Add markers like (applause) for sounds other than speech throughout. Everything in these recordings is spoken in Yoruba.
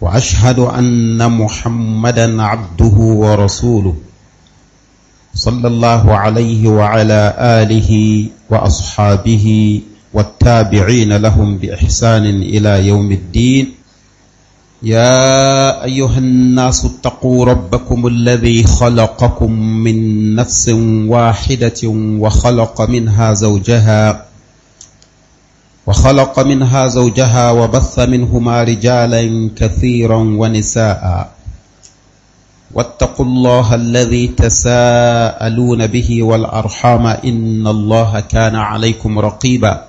واشهد ان محمدا عبده ورسوله صلى الله عليه وعلى اله واصحابه والتابعين لهم باحسان الى يوم الدين يا ايها الناس اتقوا ربكم الذي خلقكم من نفس واحده وخلق منها زوجها وخلق منها زوجها وبث منهما رجالا كثيرا ونساء واتقوا الله الذي تساءلون به والارحام ان الله كان عليكم رقيبا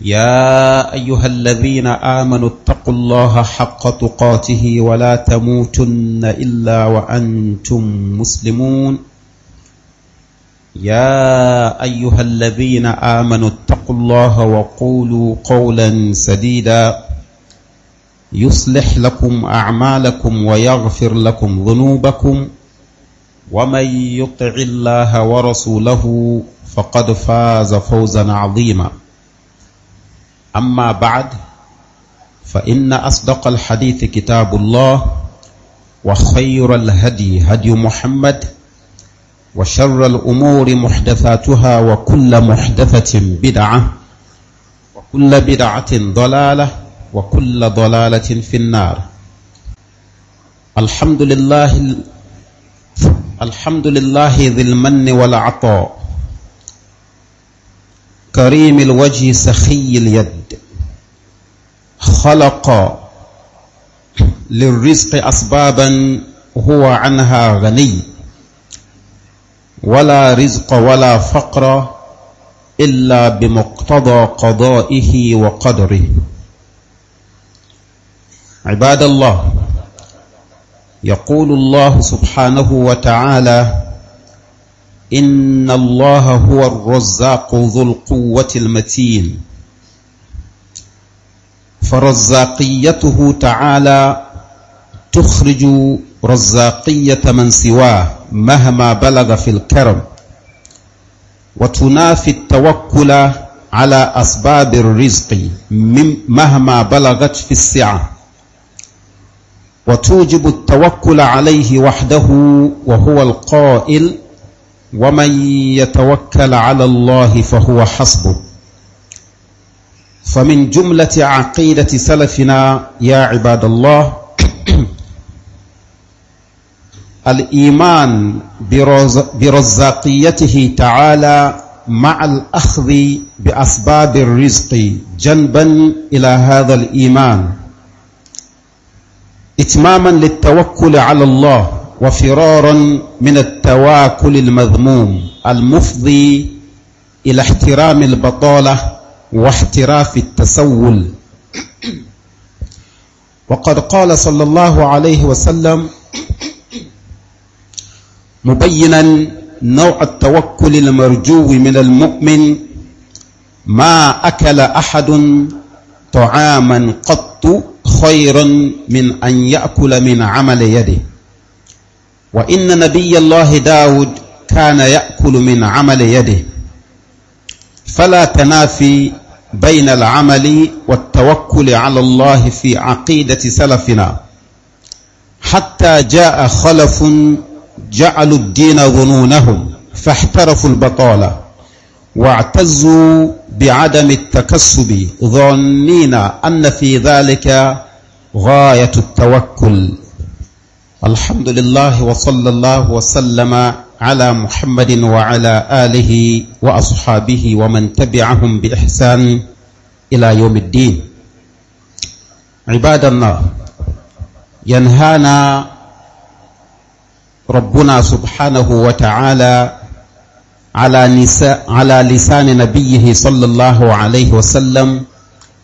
يا ايها الذين امنوا اتقوا الله حق تقاته ولا تموتن الا وانتم مسلمون يا ايها الذين امنوا اتقوا الله وقولوا قولا سديدا يصلح لكم اعمالكم ويغفر لكم ذنوبكم ومن يطع الله ورسوله فقد فاز فوزا عظيما اما بعد فان اصدق الحديث كتاب الله وخير الهدي هدي محمد وشر الأمور محدثاتها وكل محدثة بدعة وكل بدعة ضلالة وكل ضلالة في النار الحمد لله الحمد لله ذي المن والعطاء كريم الوجه سخي اليد خلق للرزق أسبابا هو عنها غني ولا رزق ولا فقر إلا بمقتضى قضائه وقدره عباد الله يقول الله سبحانه وتعالى إن الله هو الرزاق ذو القوة المتين فرزاقيته تعالى تخرج رزاقية من سواه مهما بلغ في الكرم وتنافي التوكل على أسباب الرزق مهما بلغت في السعة وتوجب التوكل عليه وحده وهو القائل ومن يتوكل على الله فهو حسبه فمن جملة عقيدة سلفنا يا عباد الله الإيمان برزاقيته تعالى مع الأخذ بأسباب الرزق جنبا إلى هذا الإيمان إتماما للتوكل على الله وفرارا من التواكل المذموم المفضي إلى احترام البطالة واحتراف التسول وقد قال صلى الله عليه وسلم مبينا نوع التوكل المرجو من المؤمن ما أكل أحد طعاما قط خيرا من أن يأكل من عمل يده وإن نبي الله داود كان يأكل من عمل يده فلا تنافي بين العمل والتوكل على الله في عقيدة سلفنا حتى جاء خلف جعلوا الدين ظنونهم فاحترفوا البطالة واعتزوا بعدم التكسب ظنين أن في ذلك غاية التوكل الحمد لله وصلى الله وسلم على محمد وعلى آله وأصحابه ومن تبعهم بإحسان إلى يوم الدين عباد الله ينهانا ربنا سبحانه وتعالى على, نساء على لسان نبيه صلى الله عليه وسلم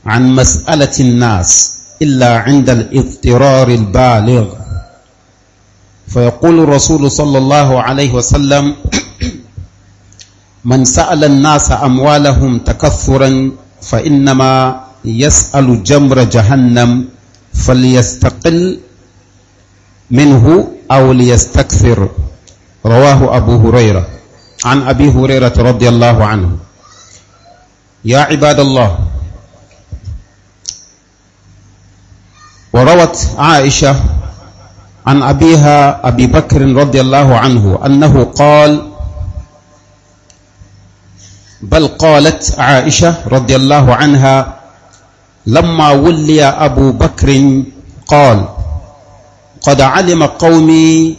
عن مسألة الناس إلا عند الاضطرار البالغ فيقول الرسول صلى الله عليه وسلم من سأل الناس أموالهم تكثرا فإنما يسأل جمر جهنم فليستقل منه أو ليستكثر رواه أبو هريرة عن أبي هريرة رضي الله عنه يا عباد الله وروت عائشة عن أبيها أبي بكر رضي الله عنه أنه قال بل قالت عائشة رضي الله عنها لما ولي أبو بكر قال قد علم قومي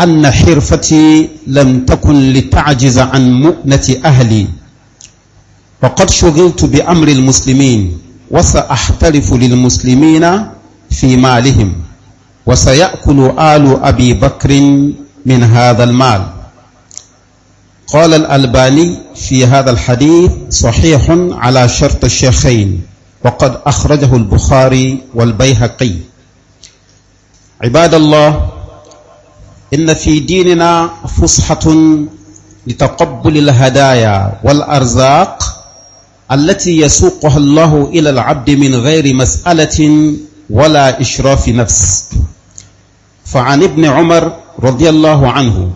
أن حرفتي لم تكن لتعجز عن مؤنة أهلي وقد شغلت بأمر المسلمين وسأحترف للمسلمين في مالهم وسيأكل آل أبي بكر من هذا المال قال الألباني في هذا الحديث صحيح على شرط الشيخين وقد أخرجه البخاري والبيهقي عباد الله إن في ديننا فسحة لتقبل الهدايا والأرزاق التي يسوقها الله إلى العبد من غير مسألة ولا إشراف نفس فعن ابن عمر رضي الله عنه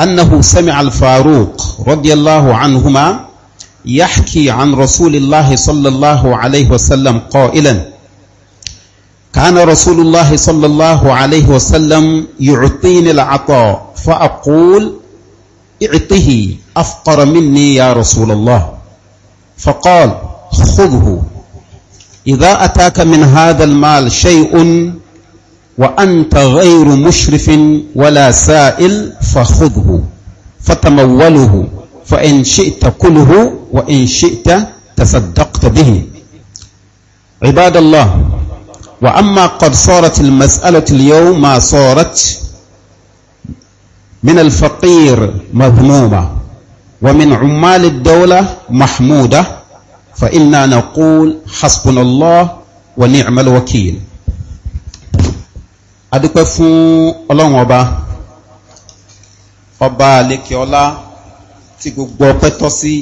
أنه سمع الفاروق رضي الله عنهما يحكي عن رسول الله صلى الله عليه وسلم قائلا كان رسول الله صلى الله عليه وسلم يعطيني العطاء فأقول اعطه أفقر مني يا رسول الله فقال خذه إذا أتاك من هذا المال شيء وأنت غير مشرف ولا سائل فخذه فتموله فإن شئت كله وإن شئت تصدقت به عباد الله وأما قد صارت المسألة اليوم ما صارت من الفقير مذمومة ومن عمال الدولة محمودة فإنا نقول حسبنا الله ونعم الوكيل adúpẹ́ fún ọlọ́run ọba ọba àlekè ọlá tí gbogbo ọpẹ́ tọ́ sí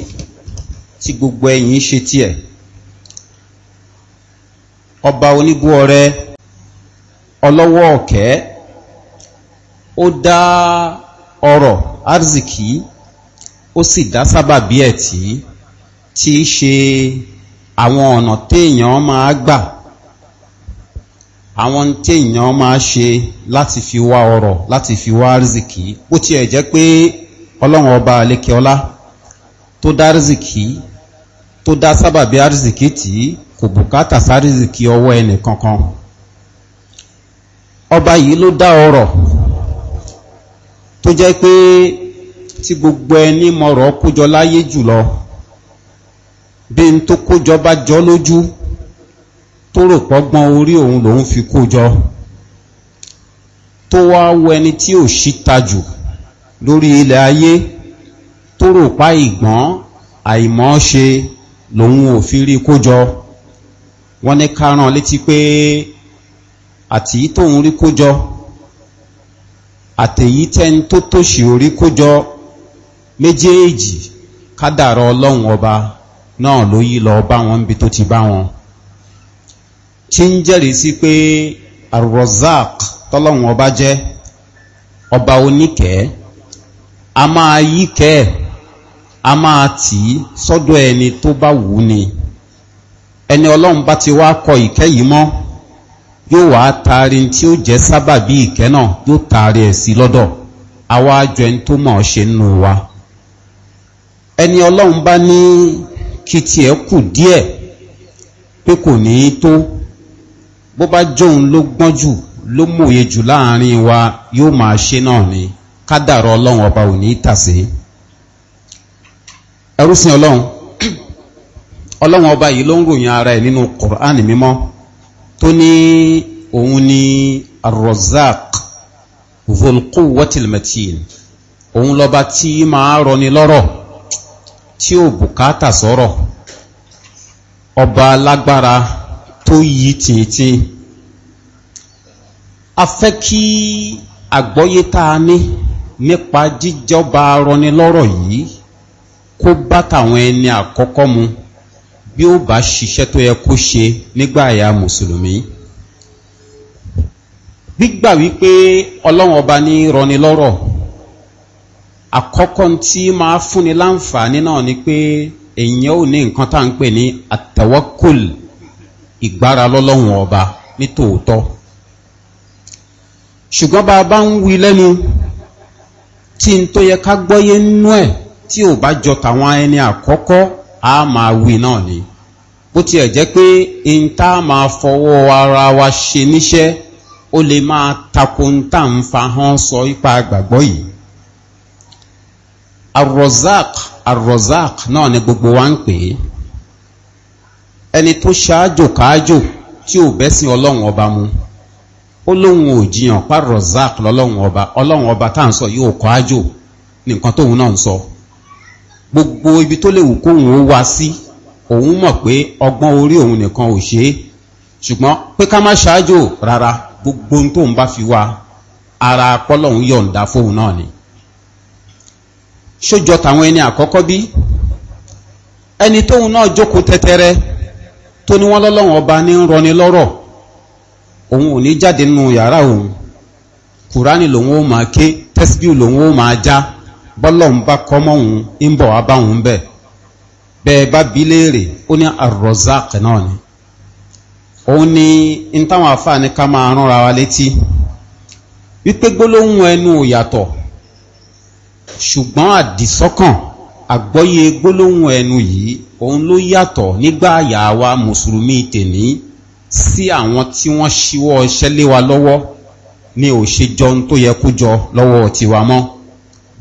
tí gbogbo ẹ̀yìn ṣe tiẹ̀ ọba onígun ọrẹ ọlọ́wọ́ ọ̀kẹ́ ó dá ọrọ̀ arzikí ó sì dá sábàbí ẹ̀ tí tí í ṣe àwọn ọ̀nà téèyàn máa gbà àwọn téèyàn máa ṣe láti fi wá ọrọ̀ láti fi wá arzikí ó ti ẹ̀ jẹ́ pé ọlọ́run ọba alékeọlá tó dá arzikí tó dá sábàbí arzikí tí kò bùkátà sárízì kí ọwọ́ ẹnì kankan ọba yìí ló dá ọrọ̀ tó jẹ́ pé tí gbogbo ẹni mọ̀rọ̀ kójọ láyé jùlọ bí n tó kójọ bá jọ lójú tó rò pọ́gbọ́n orí òun lòun fi kójọ tó wá wọ ẹni tí ò síta jù lórí ilẹ̀ ayé tó rò pa ìgbọ́n àìmọ́ ṣe lòun ò fi rí kójọ wọ́n ní kárán létí pé àtìyí tóun rí kójọ àtẹ̀yí tẹ́ni tó tòṣì orí kójọ méjèèjì kádàrọ ọlọ́run ọba náà ló yí lọ bá wọn bí tó ti bá wọn tí ń jẹ́rìí sí pé arozak tọ́lọ́run ọba jẹ́ ọba oníkẹ́ a máa yíkẹ́ a máa tì í sọ́dọ̀ ẹni tó bá wù ú ni. ẹni ọlọ́run bá ti wá kọ ìkẹ́ yìí mọ́ yóò wá taari tí ó jẹ́ sábàbí ìkẹ́ náà yóò taari ẹ̀ sí lọ́dọ̀ àwa àjọ ẹni tó mọ̀ ọ́ ṣe nínú wa ẹni ọlọ́run bá ní kí tiẹ̀ kù díẹ̀ pé kò ní í tó bó bá jóun ló gbọ́n jù ló mòye jù láàrin wa yóò máa ṣe náà ni kádàrọ̀ ọlọ́run ọba ò ní í tàsé ẹrú sin ọlọ́run ọlọ́run ọba yìí ló ń ròyìn ara ẹ̀ nínú Qur'an mímọ́ tó ní òun ni ar-Razzaq dhul quwwatil matin òun lọ́ba tí máa rọni lọ́rọ̀ tí ò bùkátà sọ́rọ̀ ọba lágbára tó yí tìǹtìǹ a fẹ́ kí àgbọ́yé tá a ní nípa jíjọba rọni lọ́rọ̀ yìí kó bá tàwọn ẹni àkọ́kọ́ mu bí ó bá ṣiṣẹ́ tó yẹ kó ṣe nígbà àyà mùsùlùmí gbígbà wípé ọlọ́run ọba ní rọni lọ́rọ̀ àkọ́kọ́ tí máa fúnni láǹfààní náà ni pé èèyàn ò ní nǹkan tá à ń pè ní àtẹ̀wọ́kùl ìgbára lọ́lọ́run ọba ní tòótọ́ ṣùgbọ́n bá a bá ń wí lẹ́nu tí n tó yẹ ká gbọ́yé nínú ẹ̀ tí ò bá jọ tàwọn ẹni àkọ́kọ́ a máa wí náà ni bó ti jẹ́ pé in tá máa fọwọ́ ara wa ṣe níṣẹ́ ó lè máa tako n fa hàn sọ ipa gbàgbọ́ yìí arrozak arrozak náà ni gbogbo wa ń pè é ẹni tó ṣáájò káájò tí ò bẹ́sìn ọlọ́run ọba mu ó lóun ò jiyàn pa rozak lọ́lọ́run ọba ọlọ́run ọba tá à ń sọ yóò gbogbo ibi tó kóun òun mọ̀ pé ọgbọ́n orí òun nìkan ò ṣe é ṣùgbọ́n pé ká má ṣáájò rárá gbogbo ohun tóun bá fi wá ara pọ́lọ́hún yọ̀ǹda fóun náà ni ṣójọ tàwọn ẹni àkọ́kọ́ bí ẹni tóun náà jókòó tẹ́tẹ́rẹ́ tó ní wọ́n ọba ní ń rọni lọ́rọ̀ yàrá òun kùránì bẹ́ẹ̀ bá bí léèrè ó ní arrozak náà ni òun ni n táwọn àfáàní ká máa ránra wa létí wípé gbólóhùn ẹnu ò yàtọ̀ ṣùgbọ́n àdìsọ́kàn àgbọ́yé gbólóhùn ẹnu yìí òun ló yàtọ̀ nígbà àyà wa mùsùlùmí tèní sí àwọn tí wọ́n ṣíwọ́ iṣẹ́ wa lọ́wọ́ ni ò tó yẹ kó jọ lọ́wọ́ tiwa mọ́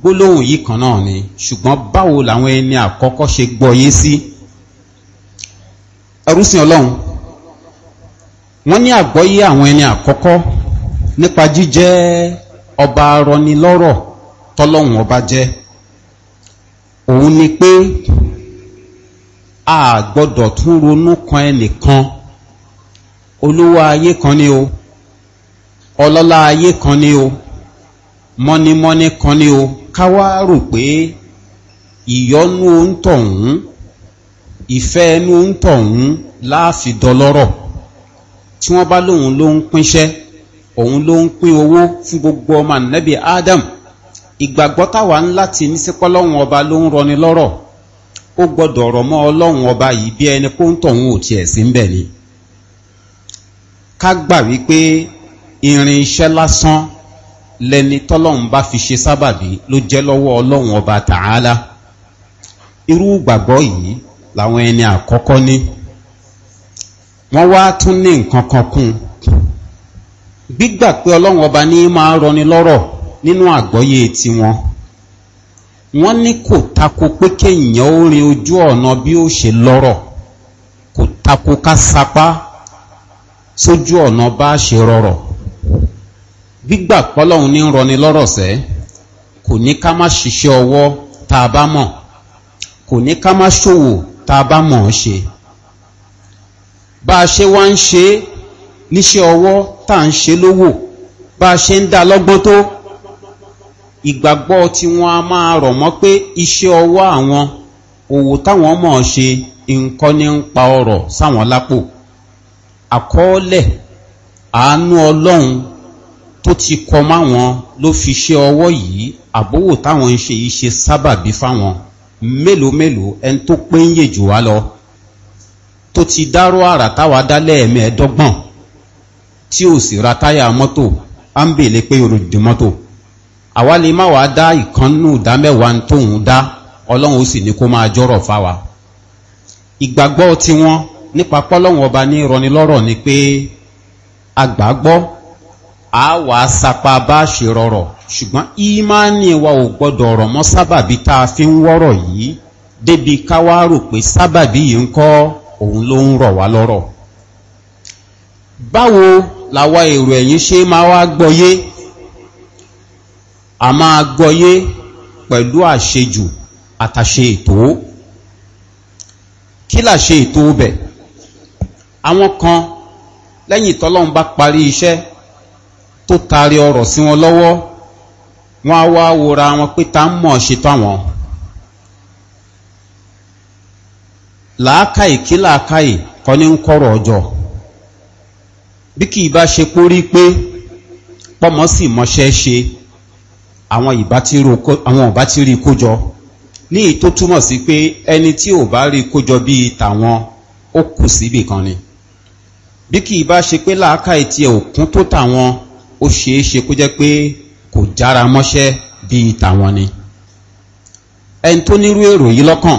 gbólóhùn yìí kan náà ni ṣùgbọ́n báwo làwọn ẹni àkọ́kọ́ ṣe gbọ́yé sí ẹrúsìn ọlọ́run wọ́n ní àgbọ́yé àwọn ẹni àkọ́kọ́ nípa jíjẹ́ ọba arọnilọ́rọ̀ tọ́lọ́hùn ọba jẹ́ òun ni pé a gbọ́dọ̀ tún ronú kan ẹnìkan olówó ayé kan ni o ọlọ́lá ayé kan ni o mọ́nímọ́ní kan ni o káwá rò pé ìyọnú oúntọ̀hún ìfẹ́ ẹnu oúntọ̀hún láàfi dọlọ́rọ̀ tí wọ́n bá lóun ló ń pínṣẹ́ òun ló ń pín owó fún gbogbo ọmọ ànẹ́bí adam ìgbàgbọ́ táwa ń láti ní sí pọ́lọ́hún ọba ló ń rọni lọ́rọ̀ ó gbọ́dọ̀ ọ̀rọ̀ mọ́ ọlọ́hun ọba yìí bí ẹni kó ń tọ̀hún ò tiẹ̀ sí ń bẹ̀ ni ká gbà wípé irin iṣẹ́ lásán lẹni tọ́lọ́run bá fi ṣe sábàbí ló jẹ́ lọ́wọ́ ọlọ́run ọba tààlà irú gbàgbọ́ yìí làwọn ẹni àkọ́kọ́ ní wọ́n wá tún ní nǹkan kan kún gbígbà pé ọlọ́run ọba ní máa rọni lọ́rọ̀ nínú àgbọ́yé tiwọn wọ́n ní kò tako pé kéèyàn ó rin ojú ọ̀nà bí ó ṣe lọ́rọ̀ kò tako ká sapá sójú ọ̀nà bá ṣe rọrọ̀ gbígbà pọ́lọ́hun ní rọni lọ́rọ̀ sẹ́ kò ní ká má ṣiṣẹ́ ọwọ́ tá a bá mọ̀ kò ní ká má ṣòwò tá a bá mọ̀ ọ́ ṣe bá a ṣe wá ń ṣe níṣẹ́ ọwọ́ tá à ń ṣe lówó bá a ṣe ń dá lọ́gbọ́n tó ìgbàgbọ́ tí wọ́n a máa rọ̀ mọ́ pé iṣẹ́ ọwọ́ àwọn òwò táwọn mọ̀ ọ́ ṣe nǹkan ní ń pa ọ̀rọ̀ sáwọn lápò àkọọ́lẹ̀ àánú ọlọ́run tó ti kọ máwọn ló fi ṣe ọwọ́ yìí àbówò táwọn ń ṣe yìí ṣe sábàbí fáwọn mélòó mélòó ẹni tó pé ń yè jù wá lọ tó ti dárò àrà táwa dálẹ̀ ẹ̀mẹ́ẹ̀dọ́gbọ̀n tí ò sì ra táyà mọ́tò á ń bèèlè pé olùdí mọ́tò àwa lè má wàá dá ìkànnù ìdámẹ́wàá tóun dá ọlọ́run ó sì ní kó máa jọ́rọ̀ fáwa ìgbàgbọ́ tiwọn nípa pọ́lọ́run ọba ní ìrọnilọ́rọ̀ ni pé àgbàgbọ́ a wà á sapa bá ṣe rọrọ̀ ṣùgbọ́n ìmánì wa ò gbọ́dọ̀ ọ̀rọ̀ mọ́ sábàbí tá a fi ń wọ́rọ̀ yìí débi ká wá rò pé sábàbí yìí ń kọ́ òun ló ń rọ̀ wá lọ́rọ̀ báwo làwa èrò ẹ̀yìn ṣe máa wá gbọ́yé a máa gbọ́yé pẹ̀lú àṣejù àtàṣe ètò kí làṣe ètò bẹ̀ àwọn kan lẹ́yìn tọ́lọ́run bá parí iṣẹ́ tó tari ọ̀rọ̀ sí wọn lọ́wọ́ wọ́n á wá wòra wọn pé ta ń mọ̀ ṣe táwọn làákàyè kí làákàyè kọ́ ní ń kọ́rọ̀ ọjọ́ bí kì í bá ṣe pórí pé pọ́mọ́ sì mọṣẹ́ ṣe àwọn ìbá tí rí kójọ ní ìtó túmọ̀ sí pé ẹni tí ò bá rí kójọ bíi tàwọn ó kù síbì kan ni bí kì í bá ṣe pé làákàyè tiẹ̀ òkun tó tàwọn ó ṣeé ṣe kó jẹ́ pé kò jára mọ́ṣẹ́ bíi tàwọn ni ẹni tó nírú èrò yìí lọ́kàn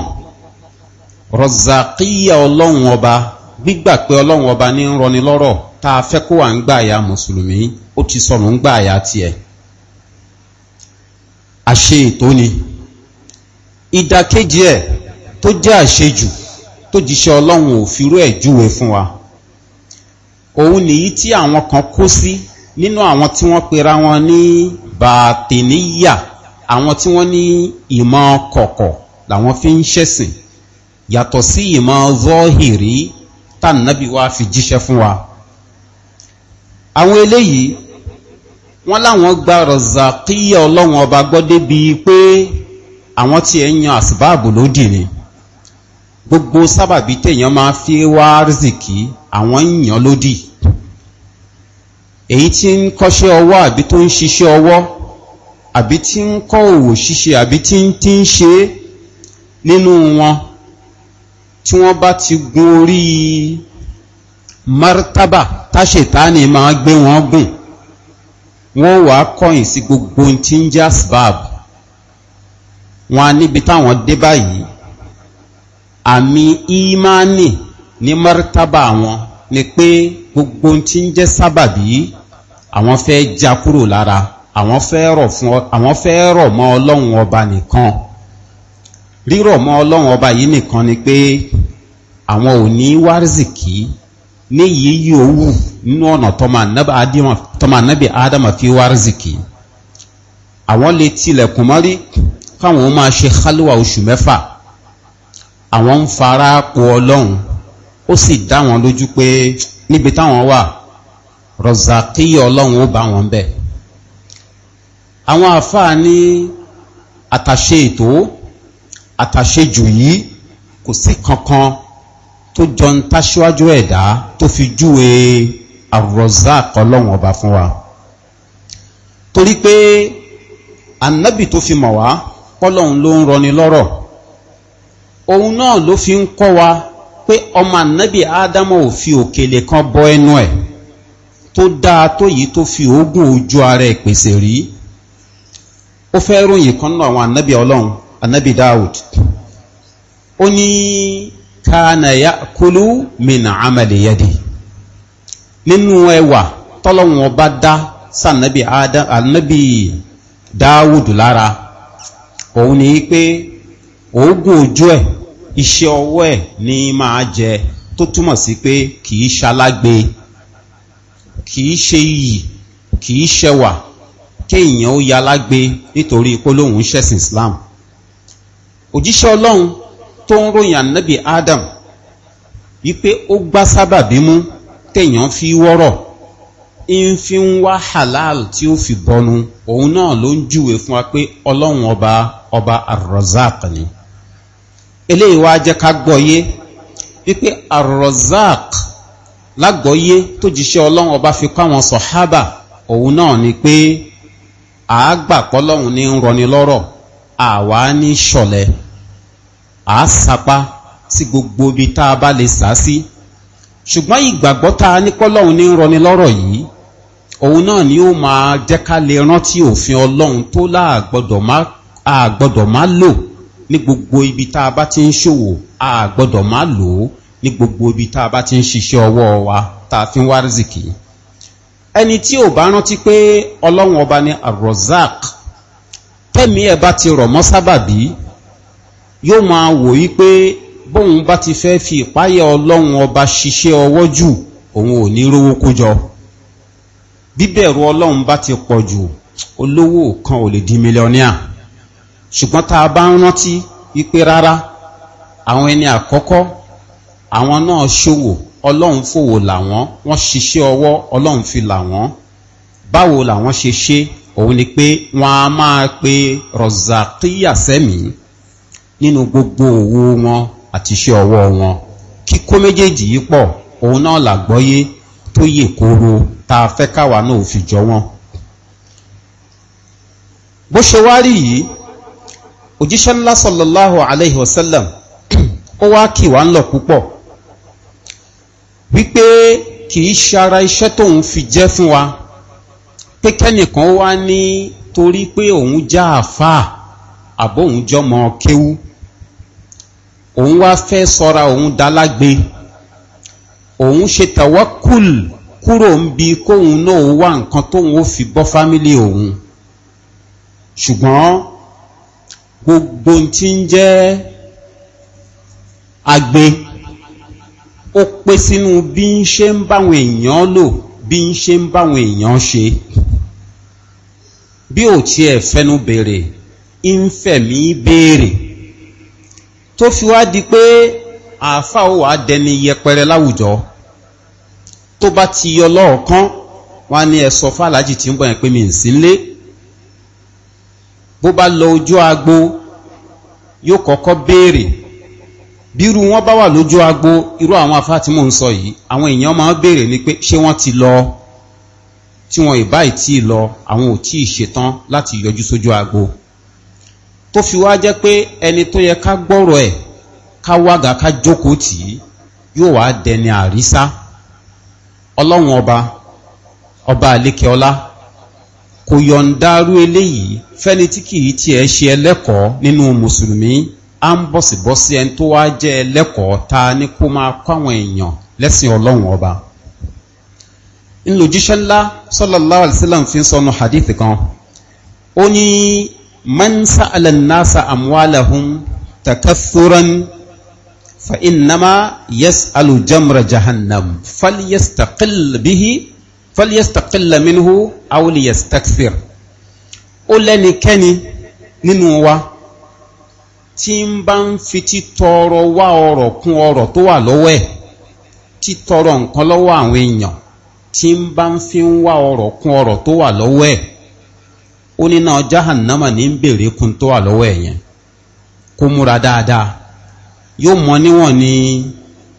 rọ̀zàkíyà ọlọ́run ọba gbígbà pé ọlọ́run ọba ní ń rọni lọ́rọ̀ tá a fẹ́ kó wà ń gbà àyà mùsùlùmí ó ti sọnù ń gbà àyà tiẹ̀ àṣe ètò ni ìdàkejì ẹ̀ tó jẹ́ àṣejù tó jíṣẹ́ ọlọ́run ò fi rú ẹ̀ júwe fún wa òun nìyí tí àwọn kan kó sí nínú àwọn tí wọ́n pera wọn ní bàtẹ̀níyà àwọn tí wọ́n ní ìmọ̀ kọ̀kọ̀ làwọn fi ń ṣẹ̀sìn yàtọ̀ sí ìmọ̀ zọ́hìrí tànàbí wa fi jíṣẹ́ fún wa àwọn eléyìí wọ́n láwọn gba rọ̀zà kíyà ọlọ́wọ́n ọba gbọ́dé bí i pé àwọn tí ẹ̀ ń yan àsìbáàbò lódì ni gbogbo sábàbí téèyàn máa fi wá rìsìkì àwọn ń yan lódì èyí tí ń kọ́ṣẹ́ ọwọ́ àbí tó ń ṣiṣẹ́ ọwọ́ àbí tí ń kọ́ òwò ṣíṣe àbí tí ń tí ń ṣe nínú wọn tí wọ́n bá ti gun orí martaba táṣetánì máa gbé wọn gùn wọ́n wà kọ́yìn sí gbogbo tí ń jẹ́ asbab wọn a níbi táwọn dé báyìí àmì ìmánì ní martaba wọn ni pé gbogbo tí ń jẹ́ sábàbí àwọn fẹ́ já kúrò lára àwọn fẹ́ rọ̀ fún àwọn fẹ́ rọ̀ mọ́ ọlọ́run ọba nìkan rírọ̀ mọ́ ọlọ́run ọba yìí nìkan ni pé àwọn ò ní wárzìkì ní yíyí owó nínú ọ̀nà tọ́mà nábì ádámà fi wárzìkì àwọn lè tilẹ̀kùn mọ́rí káwọn máa ṣe hálùwà oṣù mẹ́fà àwọn ń fara kó ọlọ́run ó sì dá wọn lójú pé níbi táwọn wà rọ̀zàkíyà ọlọ́run ó bá wọn bẹ̀ àwọn àfáà ní àtàṣe ètò àtàṣe jù yìí kò sí kankan tó jọ ń táṣíwájú ẹ̀dá tó fi júwe àrọ̀zák ọlọ́run ọba fún wa torí pé annabi tó fi mọ̀ wá pọ́lọ́run ló ń rọni lọ́rọ̀ òun náà ló fi ń kọ́ wa pé ọmọ ànábì ádámọ̀ ò fi òkèlè kan bọ ẹnu ẹ̀ tó dáa tó yìí tó fi oògùn ojú ara ẹ̀ pèsè rí ó fẹ́ ròyìn kan náà àwọn ànábì ọlọ́run ànábì dáwùd ó ní kánàyà kúlú mìnà àmàlẹ́yẹ́dì nínú ẹwà tọ́lọ́wọ́n ọba dá sànábì ànábì dáwùd lára òun ni pé oògùn ojú ẹ̀ iṣẹ́ ọwọ́ ẹ̀ ní máa jẹ tó túmọ̀ sí pé kìí ṣalágbe kìí ṣe iyì kìí ṣẹwà kéèyàn ó yalágbe nítorí polóhùn ṣẹ̀sìn islam òjíṣẹ́ ọlọ́run tó ń ròyìn ànábì adam wípé ó gbá sábàbí mú téèyàn fi wọ́rọ̀ ń fi ń wá halal tí ó fi bọnu òun náà ló ń júwe fún wa pé ọlọ́run ọba ọba arrozak ni eléyìí wá jẹ́ ká gbọ́yé wípé arrozak lágbọ́yé tó jíṣẹ́ ọlọ́run ọba fi káwọn sọ̀hábà òun náà ni pé àágbàpọ́lọ́run ní ń rọni lọ́rọ̀ àwa ní ṣọ̀lẹ̀ àásapá sí gbogbo ibi tá a bá lè sá sí ṣùgbọ́n ìgbàgbọ́ tá a ní pọ́lọ́run ní ń rọni lọ́rọ̀ yìí òun náà ni ó máa jẹ́ ká lè rántí òfin ọlọ́run tó láàgbọ́dọ̀ má lò ní gbogbo ibi tá a bá ti ń ṣòwò a gbọ́dọ̀ má lò ó ní gbogbo ibi tá a bá ti ń ṣiṣẹ́ ọwọ́ wa tá a fi ń wárìsìkì ẹni tí ò bá rántí pé ọlọ́run ọba ní arozak tẹ́mi ẹ̀ bá ti rọ̀ mọ́ sábàbí yóò máa wò yí pé bóun bá ti fẹ́ fi ìpáyẹ ọlọ́run ọba ṣiṣẹ́ ọwọ́ jù òun ò ní rówó kójọ bíbẹ̀rù ọlọ́run bá ti pọ̀ jù olówó kan ò lè di mílíọ̀nìà ṣùgbọ́n tá a bá ń rántí wípé rárá àwọn ẹni àkọ́kọ́ àwọn náà ṣòwò ọlọ́run fòwò làwọn wọ́n ṣiṣẹ́ ọwọ́ ọlọ́run fi làwọn báwo làwọn ṣe ṣe òun ni pé wọ́n a máa pe rọ̀zàkíyà sẹ́mi nínú gbogbo òwò wọn àti iṣẹ́ ọwọ́ wọn kíkó méjèèjì yìí pọ̀ òun náà làgbọ́yé tó yè kóró tá fẹ́ káwa náà fi jọ wọn bó ṣe wá rí yìí òjíṣẹ́ ńlá sallallahu alayhi wa sallam (clears throat) ó wá kì wá ń lọ púpọ̀ wípé kì í ṣara iṣẹ́ tóun fi jẹ́ fún wa pé kẹ́nìkan wá ní torí pé òun já àfáà àbóhun jọmọ kéwú òun wá fẹ́ sọ́ra òun dalágbe òun ṣe tàwákùl kúrò ń bi kóhun náà wá nǹkan tóun ó fi bọ́ fámílì òun ṣùgbọ́n gbogbo tí ń jẹ́ agbe ó pé sínú bí ń ṣe ń báwọn èèyàn lò bí ń ṣe ń báwọn èèyàn ṣe bí ò tí ẹ̀ fẹ́nu bèèrè ń fẹ̀mí bèèrè tó fi wá di pé àáfà ó wà dẹni yẹpẹrẹ láwùjọ tó bá ti yọ lọ́ọ̀kan wá ní ẹ sọ fálájì tí ń bọ̀ yẹn pé mi ń sí lé bó bá lọ ojú agbo yóò kọ́kọ́ béèrè bírú wọn bá wà lójú agbo irú àwọn afá tí mò ń sọ yìí àwọn èèyàn máa béèrè ni pé ṣé wọ́n ti lọ tí wọn ìbá ìtí lọ àwọn ò tí láti yọjú sójú agbo tó fi wá jẹ́ pé ẹni tó yẹ ká gbọ́rọ̀ ẹ̀ ká wága ká jókòó tì í yóò wá dẹni àrísá ọlọ́run ọba ọba àlékè ọlá kò yọ̀ǹdarú eléyìí fẹ́ni tí kìí tí ẹ ṣe ẹlẹ́kọ̀ọ́ nínú mùsùlùmí a ń bọ̀sìbọ́sí ẹni tó wá jẹ́ ẹlẹ́kọ̀ọ́ ta ní kó máa kọ́wọn èèyàn lẹ́sìn ọlọ́run ọba ńlòjíṣẹ́ ńlá sallallahu alaihi wasallam fi ń sọnu hadith kan ó ní man sa'ala an takathuran fa innama yas'alu jamra jahannam falyastaqil bihi falyastaqilla minhu aw liyastakthir ó lẹ́nikẹ́ni nínú wa tí ń bá ń fi títọrọ wá ọrọ̀ kún ọrọ̀ tó wà lọ́wọ́ ẹ̀ títọrọ nǹkan lọ́wọ́ àwọn èèyàn tí ń bá ń fi ọrọ̀ kún ọrọ̀ tó wà lọ́wọ́ ẹ ó ní náà jahannama ní ń tó wà yẹn múra dáadáa yóò mọ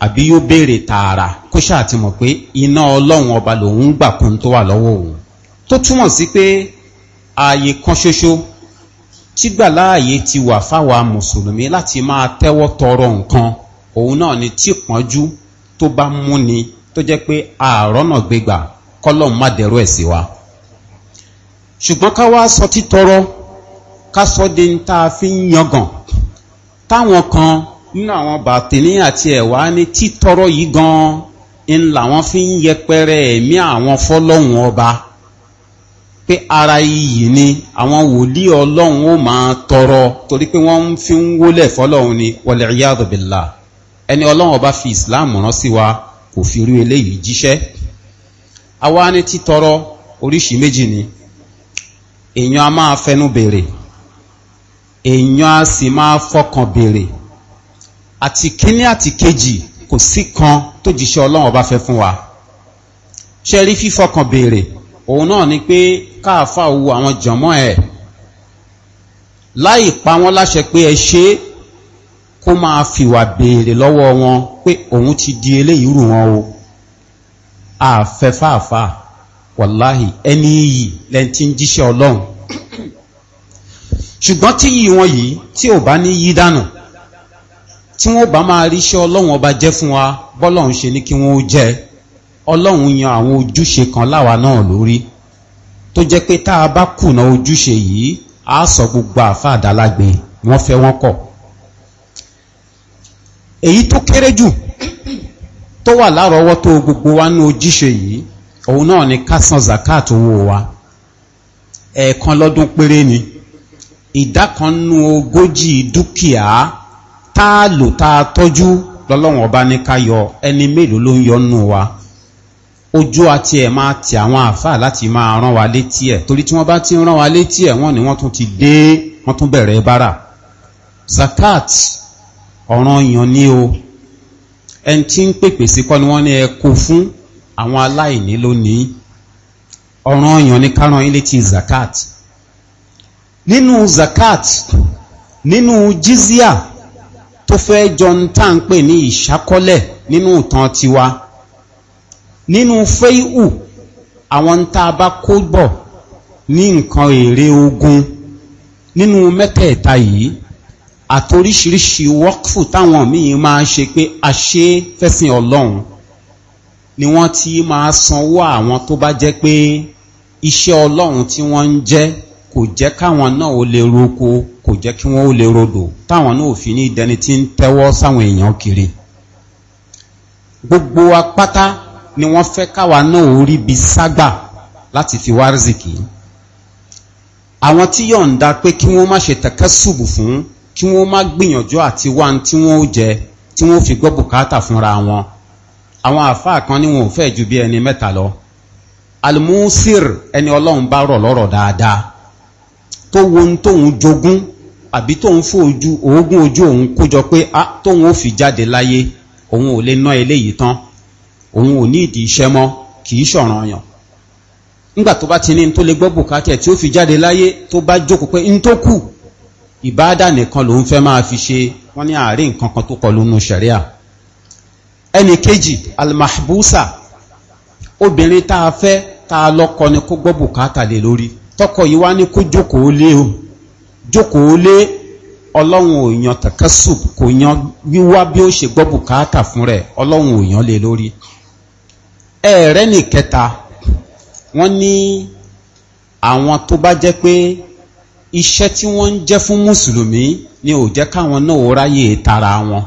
àbí yóò béèrè tààrà kó ṣáà ti mọ̀ pé iná ọlọ́run ọba lòun ń gbà kún tó wà lọ́wọ́ òun tó túmọ̀ sí pé ààyè kan ṣoṣo tígbàláàyè ti wà fáwa mùsùlùmí láti máa tẹ́wọ́ tọrọ nǹkan òun náà ni tí pọ́njú tó bá múni tó jẹ́ pé àárọ́nà gbégbà kọ́lọ́n má dẹ̀rọ ẹ̀ sí wa ṣùgbọ́n ká wá sọ títọrọ ká sọ de ń ta fi ń yangàn táwọn kan nínú àwọn bàtìní àti ẹ̀wà ní títọrọ yìí gan ń làwọn fi ń yẹpẹrẹ ẹ̀mí àwọn fọ́lọ́hun ọba pé ara iyì ni àwọn wòlíì ọlọ́run ó máa tọrọ torí pé wọ́n fi ń wólẹ̀ fọ́lọ́hun ni wọlẹ̀ iyadu billah ẹni ọlọ́run ọba fi islam rán sí wa kò fi irú eléyìí jíṣẹ́ àwa ní títọrọ oríṣi méjì ni èèyàn a máa fẹnu béèrè èèyàn a sì máa fọkàn béèrè àti kíní àti kejì kò sí kan tó jíṣẹ́ ọlọ́run ọba fẹ́ fún wa ṣe rí fífọkàn béèrè òun náà ni pé káàfà wu àwọn jọ̀mọ́ ẹ̀ láì pa wọ́n láṣẹ pé ẹ ṣe kó máa fìwà béèrè lọ́wọ́ wọn pé òun ti di eléyìí rù wọn o àfẹ́fàáfà wàláhì ẹni yìí lẹ́n tí ń jíṣẹ́ ọlọ́run ṣùgbọ́n tí yìí wọn yìí tí ò bá ní yí dànù tí wọ́n bá máa ríṣẹ́ ọlọ́run ọba jẹ́ fún wa bọ́lọ́run ṣe ní kí wọ́n jẹ́ ọlọ́run yan àwọn ojúṣe kan láwa náà lórí tó jẹ́ pé tá a bá kùnà ojúṣe yìí a sọ gbogbo àfáà dálágbe wọ́n fẹ́ wọ́n kọ̀ èyí tó kéré jù tó wà lárọ̀ọ́wọ́tó gbogbo wa ní ojúṣe yìí òun náà ni ká san zakat owó wa ẹ̀ẹ̀kan lọ́dún péré ni ìdá kan nú ogójì dúkìá táà lò táà tọ́jú lọ́lọ́wọ̀n ọba ní ká yọ ẹni mélòó ló ń yọ nù wa ojú àti ẹ̀ máa tì àwọn àfáà láti máa rán wa létí ẹ̀ torí tí wọ́n bá ti rán wa létí ẹ̀ wọ́n ni wọ́n tún ti dé wọ́n tún bẹ̀rẹ̀ bára zakat ọ̀ràn yàn ní o ẹni tí ń pèpè sí kọ́ ni wọ́n ní ẹ fún àwọn aláìní lónìí ọ̀ràn yàn ní kárán ilé ti zakat nínú zakat nínú jizya tó fẹ́ jọ ń tà ń pè ní ìṣákọ́lẹ̀ nínú ìtàn tiwa nínú fẹ́ìhù àwọn ń tá a bá kó bọ̀ ní nǹkan èrè ogun nínú mẹ́tẹ̀ẹ̀ta yìí àtoríṣiríṣi wọ́kfù táwọn míì máa ṣe pé a ṣe fẹ́sìn ọlọ́run ni wọ́n ti máa sanwó àwọn tó bá jẹ́ pé iṣẹ́ ọlọ́run tí wọ́n ń jẹ́ kò jẹ́ káwọn náà ó lè roko kò jẹ́ kí wọ́n ó lè rodò táwọn náà fi ní ìdẹni tí ń tẹ́wọ́ sáwọn èèyàn kiri gbogbo apáta ni wọ́n fẹ́ káwa náà ó rí bi ságbà láti fi wá rìsìkì àwọn tí yọ̀ǹda pé kí wọ́n má ṣe tẹ̀kẹ́ ṣùbù fún kí wọ́n má gbìyànjú àti wá ní tí wọ́n ó jẹ tí wọ́n ó fi gbọ́ bùkátà fúnra wọn àwọn àfáà kan ní wọn ò fẹ́ ju bí ẹni mẹ́ta lọ almusir ẹni ọlọ́run bá rọ̀ lọ́rọ̀ dáadáa tó wo ohun tóun jogún àbí tóun fún ojú oògùn ojú òun kójọ pé a ah, tóun ó fi jáde láyé òun ò lè ná eléyìí tán òun ò ní ìdí iṣẹ́ mọ́ kì í ṣọ̀ràn ọyàn nígbà tó bá ti ní tó lè gbọ́ bùkátẹ̀ tí ó fi jáde láyé tó bá jókòó pé n tó kù ìbáàdà nìkan lòun fẹ́ máa fi ṣe wọ́n ní àárín nǹkan kan tó kọ lónú ṣẹ̀ríà ẹnì kejì almahbusa obìnrin tá a fẹ́ tá a lọ́kọ ni kó gbọ́ bùkátà lé lórí tọkọ yìí wá ní kó jókòó lé o jókòó lé ọlọ́run òyàn tàkásù kò yan wíwá bí ó ṣe gbọ́ bùkátà fún rẹ̀ ọlọ́run òyàn lé lórí ẹ̀ẹ̀rẹ́ nì kẹta wọ́n ní àwọn tó bá jẹ́ pé iṣẹ́ tí wọ́n ń jẹ́ fún mùsùlùmí ni ò jẹ́ káwọn náà ráyè tara wọn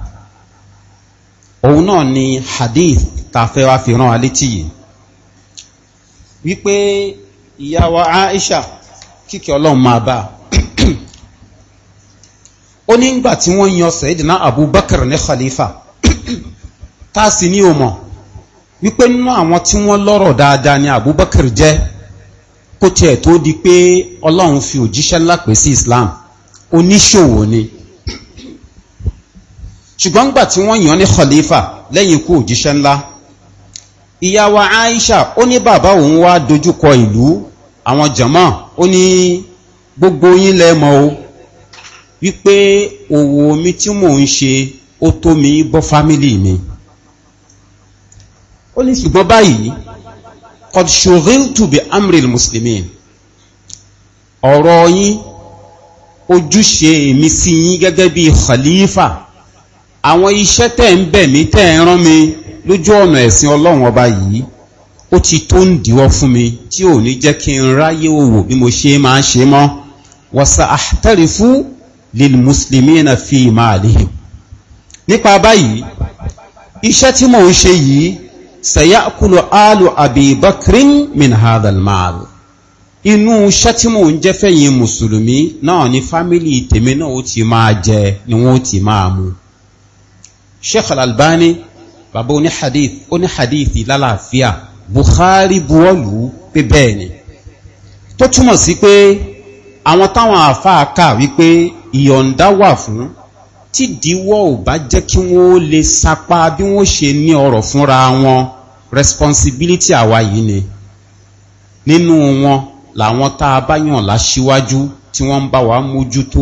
òun náà ni hadith ta fẹ́ wá fi rán wa létí yìí wípé ìyá wa Aisha kíkẹ́ ọlọ́run máa bá a ó ní ìgbà tí wọ́n yan Sayyidina Abubakar ní khalifa tá sì ní òmọ̀ wípé nínú àwọn tí wọ́n lọ́rọ̀ dáadáa ni Abubakar jẹ́ kó tiẹ̀ tó di pé Ọlọ́run fi òjíṣẹ́ ńlá sí Islam oníṣòwò ni ṣùgbọ́n gbà tí wọ́n yan ní khalifa lẹ́yìn ikú òjíṣẹ́ ńlá ìyá Aisha ó ní bàbá òun wá dojúkọ ìlú àwọn jàmá ó ní gbogbo yín lẹ́mọ̀ wípé òwò mi tí mò ń ṣe ó tó mi bọ́ fámílì mi ó ní ṣùgbọ́n báyìí qad shughiltu bi amril muslimin ọ̀rọ̀ yín ojúṣe èmi sí yín gẹ́gẹ́ bí khalifa àwọn iṣẹ́ tẹ́ ń bẹ̀ mí tẹ́ ń rán mi lójú ọ̀nà ẹ̀sìn ọlọ́run ọba yìí ó ti tó ń dìwọ́ fún mi tí ò ní jẹ́ kí n ráyé òwò bí mo ṣe máa ṣe mọ́ wasa ahtarifu lil muslimina fi malihim nípa báyìí iṣẹ́ tí mò ń ṣe yìí sayakulu alu abi bakrin min hadhal mal inú iṣẹ́ tí mò ń jẹ́ fẹ́yìn mùsùlùmí náà ni fámílì tèmi náà ó ti máa jẹ ni wọ́n ti máa mu sheikh al-albani bàbá oní hadith lálàáfíà bukhari buwọ́lù pé bẹ́ẹ̀ ni tó túmọ̀ sí pé àwọn táwọn àáfàá kà wípé ìyọ̀ǹda wà fún tí díwọ́ ò bá jẹ́ kí wọ́n ó lè sapá bí wọ́n ṣe ní ọ̀rọ̀ fúnra wọn responsibility àwa yìí ni nínú wọn làwọn tá a bá yàn láṣíwájú tí wọ́n ń bá wa mójútó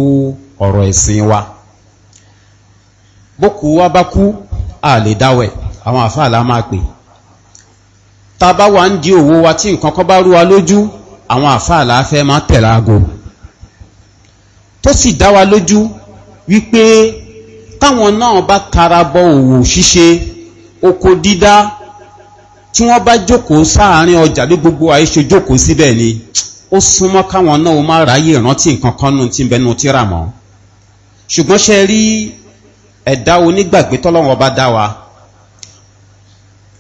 ọ̀rọ̀ ẹ̀sìn wa bókù wa bá kú a lè dáwẹ̀ àwọn àfáà la máa pè tá a bá wà ń di òwò wa tí nǹkan kan bá rú wa lójú àwọn àfáà la fẹ́ máa tẹ̀lé aago tó sì dá wa lójú wípé táwọn náà bá karabọ òwò ṣíṣe oko dídá tí wọ́n bá jókòó sáàárín ọjà bí gbogbo àìṣe jókòó síbẹ̀ ni ó súnmọ́ káwọn náà ó má ráyè rántí nǹkan kan nù tí ń bẹnu tíra mọ́ ṣùgbọ́n ṣe rí ẹ̀dá onígbàgbé tọ́lọ́wọ́n bá dá wa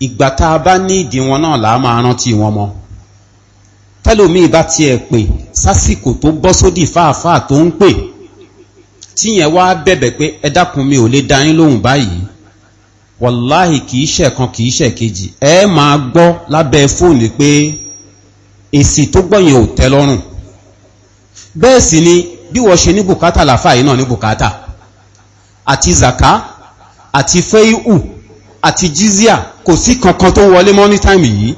ìgbà tá a bá ní ìdí wọn náà là máa rántí wọn mọ́ tẹ́lòmí bá ti ẹ̀ pè sásìkò tó bọ́ sódì fáàfáà tó ń pè tí yẹn wá bẹ̀bẹ̀ pé ẹ dákun mi ò lè dá yín lóhùn báyìí wàláhì kìí ṣẹ̀ kan kìí ṣẹ̀ kejì ẹ máa gbọ́ lábẹ́ fóònù pé èsì tó gbọ̀yìn ò tẹ́ lọ́rùn bẹ́ẹ̀ sì ni bí wọ́n ṣe ní bùkátà làfáà yìí náà ní bùkátà àti zaka àti fẹ́ihù àti jizia kò sí kankan tó wọlé mọ́ ní táìmì yìí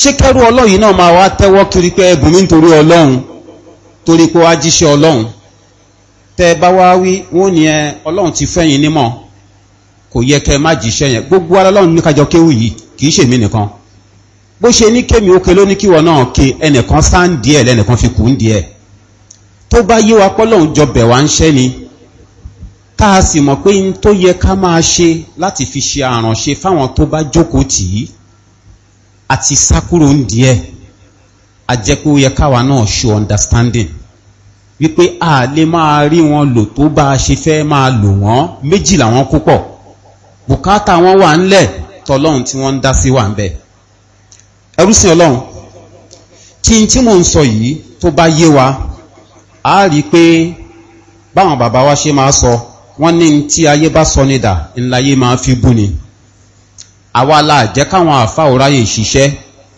ṣé kẹ́rù ọlọ́run yìí náà máa wá tẹ́wọ́ kiri pé ẹ̀bùn mi nítorí ọlọ́run torí pé wá jíṣẹ́ ọlọ́run tẹ́ ẹ bá wá wí wọ́n ni ẹ ọlọ́run ti fẹ́yìn nímọ̀ kò yẹ kẹ́ má jíṣẹ́ yẹn gbogbo ara ọlọ́run ní kájọ kéwù yìí kì í ṣèmi nìkan bó ṣe ní kémi ó lóní kíwọ náà ke ẹnìkan sáǹdì ẹ̀ lẹ́nìkan fi kù ń di ẹ̀ tó bá yé wa pọ́lọ́run jọ bẹ̀ wá ń ṣẹ́ ni ká a sì mọ̀ pé n tó yẹ ká máa ṣe láti fi ṣe àrànṣe fáwọn tó bá jókòó tì í àti sákúrò ń díẹ̀ àjẹpé ó yẹ káwa náà ṣe understanding wípé a lè máa rí wọn lò tó bá a ṣe fẹ́ máa lò wọ́n méjì làwọn kó pọ̀ bùkátà wọn wà ńlẹ̀ tọlọ́run tí wọ́n ń dá sí wà ń bẹ̀ ẹrúsìn ọlọ́run kí n tí mò ń sọ yìí tó bá yé wa a rí i pé báwọn bàbá wa ṣe máa sọ wọ́n ní tí ayé bá sọ nídà ńláyé máa fi bú ni àwa la jẹ́ káwọn àfá òráyè ṣiṣẹ́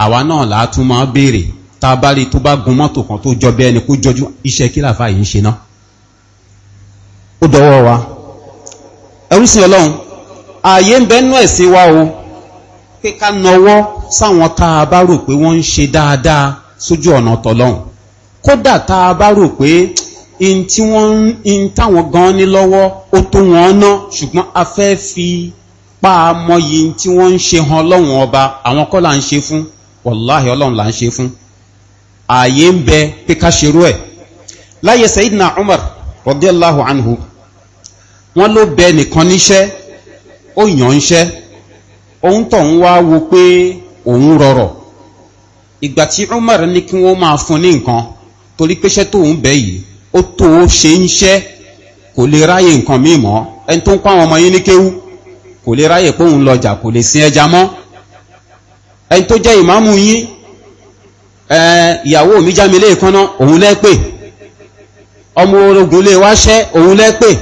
àwa náà látún máa béèrè tá a bá rí tó bá gun mọ́tò kan tó jọ bẹ́ẹ̀ ni kó jọjú iṣẹ́ kí làfá yìí ń ṣe náà ó dọwọ́ wa ẹrúsìn ọlọ́run ààyè ń bẹ́nú ẹ̀sìn wa o pé ká nọwọ́ sáwọn tá a bá rò pé wọ́n ń ṣe dáadáa sójú ọ̀nà tọ̀lọ́hun kódà tá a bá rò pé in táwọn gan ní lọ́wọ́ ó tó wọn ná ṣùgbọ́n a fẹ́ fi pa mọ́yí tí wọ́n ń ṣe hàn ọlọ́run ọba àwọn kọ́ là ń ṣe fún wàláhì ọlọ́run là ṣe fún ààyè ń bẹ pé ṣerú ẹ̀ láyé sayidina umar anhu wọ́n ló bẹ nìkan níṣẹ́ ó yàn ń ṣẹ́ umar ní kí wọ́n máa fún ní nǹkan torí bẹ yìí ó tó ṣe ọmọ yín kò lè ráyè lọjà kò lè sin ẹja mọ́ ẹni tó jẹ́ ìmáàmù ẹ ìyàwó omi já mi lé òun ọmọ orogun lè wáṣẹ́ òun lẹ́pẹ̀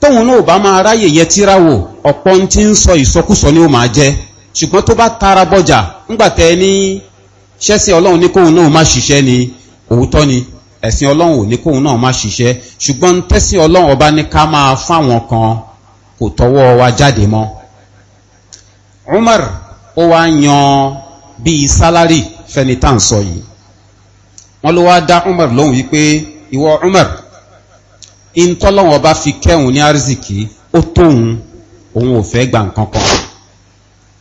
tóhun náà bá máa ráyè yẹ tíráwò ọ̀pọ̀ ń sọ ni o máa jẹ́ ṣùgbọ́n tó bá tara bọ́jà ńgbàtẹ́ ni òótọ́ ni ẹ̀sìn má ṣiṣẹ́ ní ká máa fáwọn kan kò tọwọ́ wa jáde mọ́ Umar ó wá yan bíi sálárì fẹni ń sọ yìí wọ́n ló wá dá Umar lóhùn wípé ìwọ Umar ìntọ́lọ́wọ́n bá fi kẹ́hùn ní arzikì ó tóhun òun ò fẹ́ gbà nǹkan kan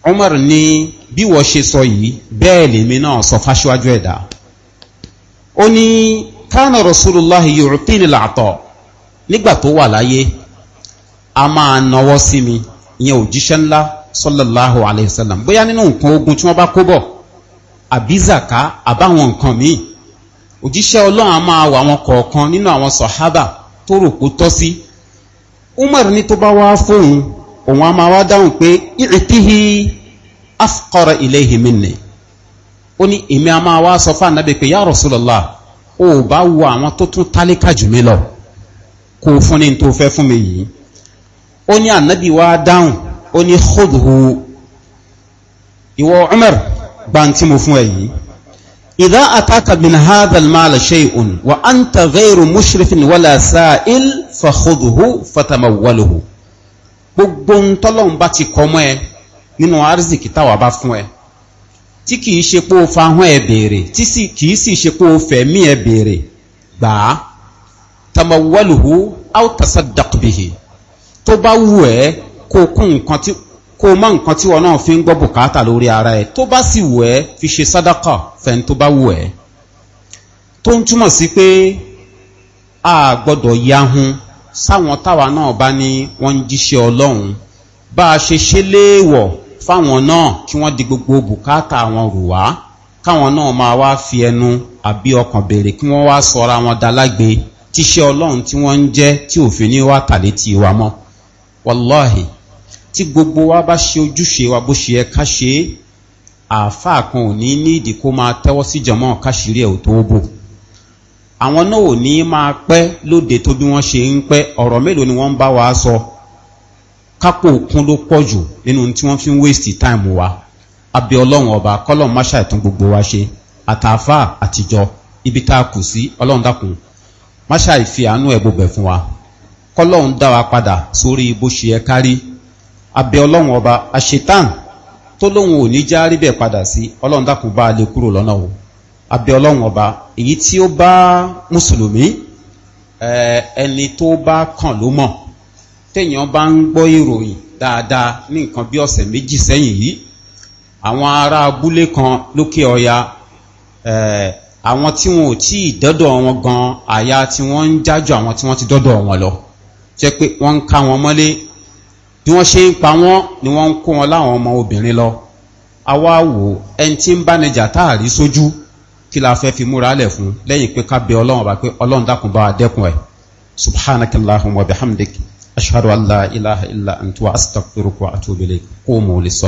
Umar ni bí wọ́n ṣe sọ yìí bẹ́ẹ̀ lèmi náà sọ fáṣíwájú ẹ̀dá ó ní kánà Rasulullahi yu'tini al-'ata nígbà tó wà láyé a máa nawọ́ sí mi ìyẹn òjíṣẹ́ ńlá sọ́lọ́láhù aláìsàlám bóyá nínú nǹkan ogun tí wọ́n bá kó bọ̀ àbízàká àbáwọn nǹkan míì òjíṣẹ́ ọlọ́run a máa wà wọn kọ̀ọ̀kan nínú àwọn sọ̀hábà tó rò kó tọ́ sí umar ní tó bá wá fóun òun a máa wá dáhùn pé ìrètíhì afqọ́rọ̀ ilé ìhìmìnì ó ní èmi a máa wá sọ fún ànábì pé yá rọ̀sùlọ́lá o ò bá wo àwọn tó tún tálíkà jù mí lọ kó fún ní tó fẹ́ fún mi yìí ó ní ànábì wá dáhùn ó ní khudhu ìwọ Umar bá ń tí mo fún èyí idha ataka min hadha al-mal shay'un wa anta ghayru mushrifin wala sa'il fa khudhu fatamawwaluhu gbogbo ń tọ́lọ́hun bá ti kọ́ mọ́ ẹ nínú arzikì táwa bá fún ẹ tí kìí ṣe pé o fahun ẹ béèrè tí kìí sì ṣe pé o fẹ̀mí ẹ béèrè gbàá tamawwaluhu aw tó bá wù ẹ́ kó kún nǹkan tí kó mọ́ nǹkan tí wọ́n náà fi ń gbọ́ bùkátà lórí ara ẹ̀ tó bá sì wù ẹ́ fi ṣe sádákà fẹ́ni tó bá wù ẹ́ tó ń túmọ̀ sí pé a gbọ́dọ̀ yahun sáwọn táwa náà bá ní wọ́n ń jíṣẹ́ ọlọ́run bá a ṣe ṣe léèwọ̀ fáwọn náà kí wọ́n di gbogbo bùkátà wọn rù wá káwọn náà máa wá fi ẹnu àbí ọkàn béèrè kí wọ́n wá sọra wọn dalágbe tíṣẹ́ ọlọ́run tí wọ́n ń jẹ́ tí òfin ní wá tàlétí wa mọ́ wàláhì tí gbogbo wa bá ṣe ojúṣe wa bó ṣe ẹka ṣe àáfàá kan ò ní ní ìdí kó máa tẹ́wọ́ sí jọmọ́ káṣírí ẹ̀ ò tó bò àwọn náà ò ní máa pẹ́ lóde tó bí wọ́n ṣe ń pẹ́ ọ̀rọ̀ ni wọ́n ń bá wa sọ kápò òkun ló pọ̀ jù nínú tí fi waste time wa abẹ ọlọ́run ọba kọ́lọ̀ máṣà ìtún gbogbo wa ṣe àtàáfà àtijọ́ ibi tá a kù sí ọlọ́run dákun máṣà ìfi àánú ẹ̀ fún wa kọ́lọ́hun dá wa padà sórí bó ṣe ẹ kárí abẹ ọlọ́run ọba àṣetán tó lóun ò ní já rí bẹ́ẹ̀ padà sí ọlọ́run dákun bá a lè kúrò lọ́nà o abẹ ọlọ́run ọba èyí tí ó bá mùsùlùmí ẹni tó bá kàn ló mọ̀ téèyàn bá ń gbọ́ ìròyìn dáadáa ní nǹkan bí ọ̀sẹ̀ méjì sẹ́yìn yìí àwọn ará abúlé kan lókè ọya àwọn tí wọn ò tí ì dọ́dọ̀ wọn gan àyà tí wọ́n ń jájọ àwọn tí wọ́n ti dọ́dọ̀ wọn lọ jẹ́ pé wọ́n ń ká wọn mọ́lé bí wọ́n ṣe ń pa wọ́n ni wọ́n ń kó wọn láwọn ọmọ obìnrin lọ àwa wò ẹni tí ń bá níjà táàrí sójú kí la fẹ́ fi múra lẹ̀ fún lẹ́yìn pé ká bẹ ọlọ́run bá pé ọlọ́run dákun bá dẹ́kun ẹ̀ subhanakallahumma bihamdik ashhadu an ilaha illa anta astaghfiruka wa atubu ilayk qumu lis